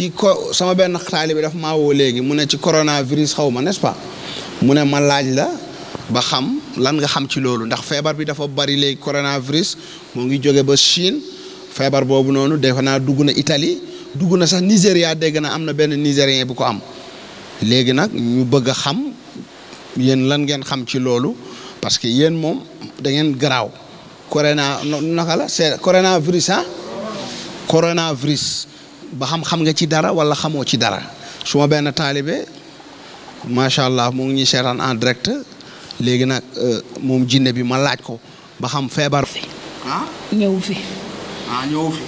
ci ko sama benn taalibe daf maa woo léegi mu ne ci coronavirus xaw ma pas mu ne ma laaj la ba xam lan nga xam ci loolu ndax feebar bi dafa bari léegi coronavirus moo ngi jóge ba Chine feebar boobu noonu defe naa dugg na itali dugg na sax Nigéria dégg na am na benn Nigérien bu ko am léegi nag ñu bëgg a xam yéen lan ngeen xam ci loolu parce que yéen moom da ngeen garaaw coronavirus ah coronavirus ba xam xam nga ci dara wala xamoo ci dara su ma benn taalibe macha allah mu ñi ñuy seetaan en direct léegi nag euh, moom jinne bi ma laaj ko ba xam feebar. ah ñëw fi. Ah, ñëw fi.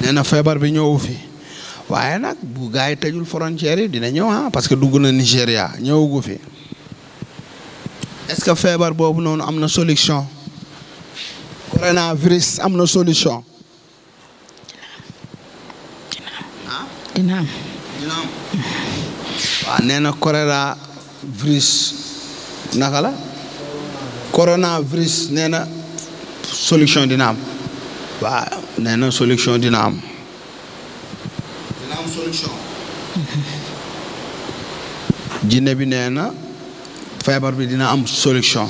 nee na feebar bi ñëw fi waaye nag bu gars yi tëjul frontière yi dina ñëw ah parce que dugg na Nigéria ñëwagu fi. est-ce que feebar boobu noonu am na solution. coronavirus am na solution. dina am. waaw nee na choléra virus naka la coronavirus nee na solution dina am waaw nee na solution dina am. dina jinne bi nee na feebar bi dina am solution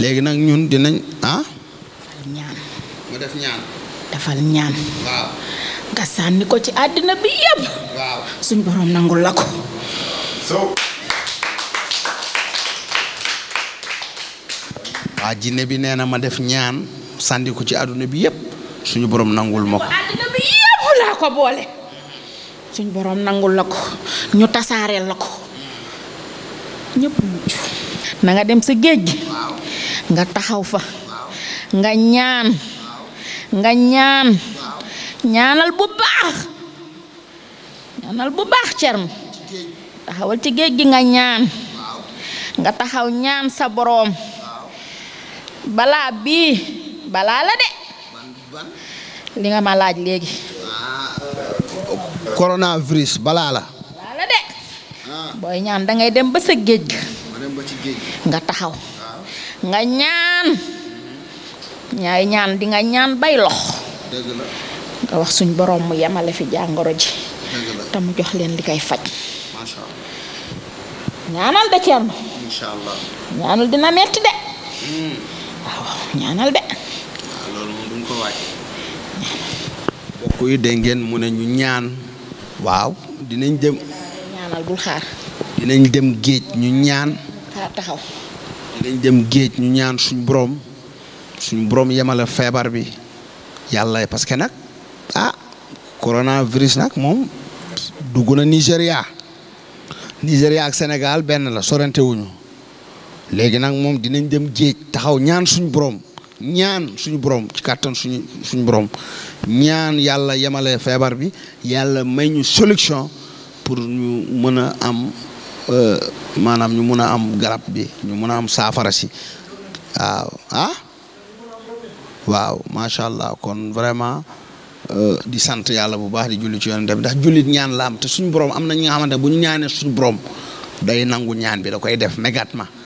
léegi nag ñun dinañ ah. mu def ñaan. nga sànni ko ci àddina bi yëpp. waaw suñ borom nangul la ko. so. waa bi nee na ma def ñaan sànni ko ci àdduna bi yëpp suñu borom nangul ma ko. àddina borom nangul la ko ñu tasaareel la ko ñëpp mucc. na nga dem si géej gi. nga taxaw fa. nga ñaan. nga ñaan. ñaanal bu baax ñaanal bu baax cerm taxawal ci géej gi nga ñaan nga taxaw ñaan sa boroom balaa bii balaa la de li nga ma laaj léegi coronavirus balaa la balaa de booy ñaan dangay dem ba sa géej ga nga taxaw nga ñaan ñaay ñaan di nga ñaan bay lox nga suñ boroom mu yemale fi jàngoro ji te mu jox leen li koy faj ñaanal de Thierno ñaanal hmm. ñaanal de ah, loolu moom mu ne ñu ñaan waaw dinañ dem ñaanal bul xaar dinañ dem géej ñu ñaan xaar taxaw dinañ géej ñu ñaan suñ borom suñ borom yemale feebar bi yàlla parce que nag ah coronavirus nag moom dugg na Nigéria Nigéria ak Sénégal benn la sorante wuñu léegi nag moom dinañ dem géej taxaw ñaan suñ borom ñaan suñ borom ci kattan suñu suñu borom ñaan yàlla yemale feebar bi yàlla may ñu solution pour ñu mën a am euh, maanaam ñu mën a am garab bi ñu mën a am saafara si waaw ah allah kon vraiment. Euh, di sant yàlla bu baax di julli ci yonent bi ndax jullit ñaan la te suñu borom am na ñi nga xamante bu ñu ñaanee suñu borom day nangu ñaan bi da koy def mégat ma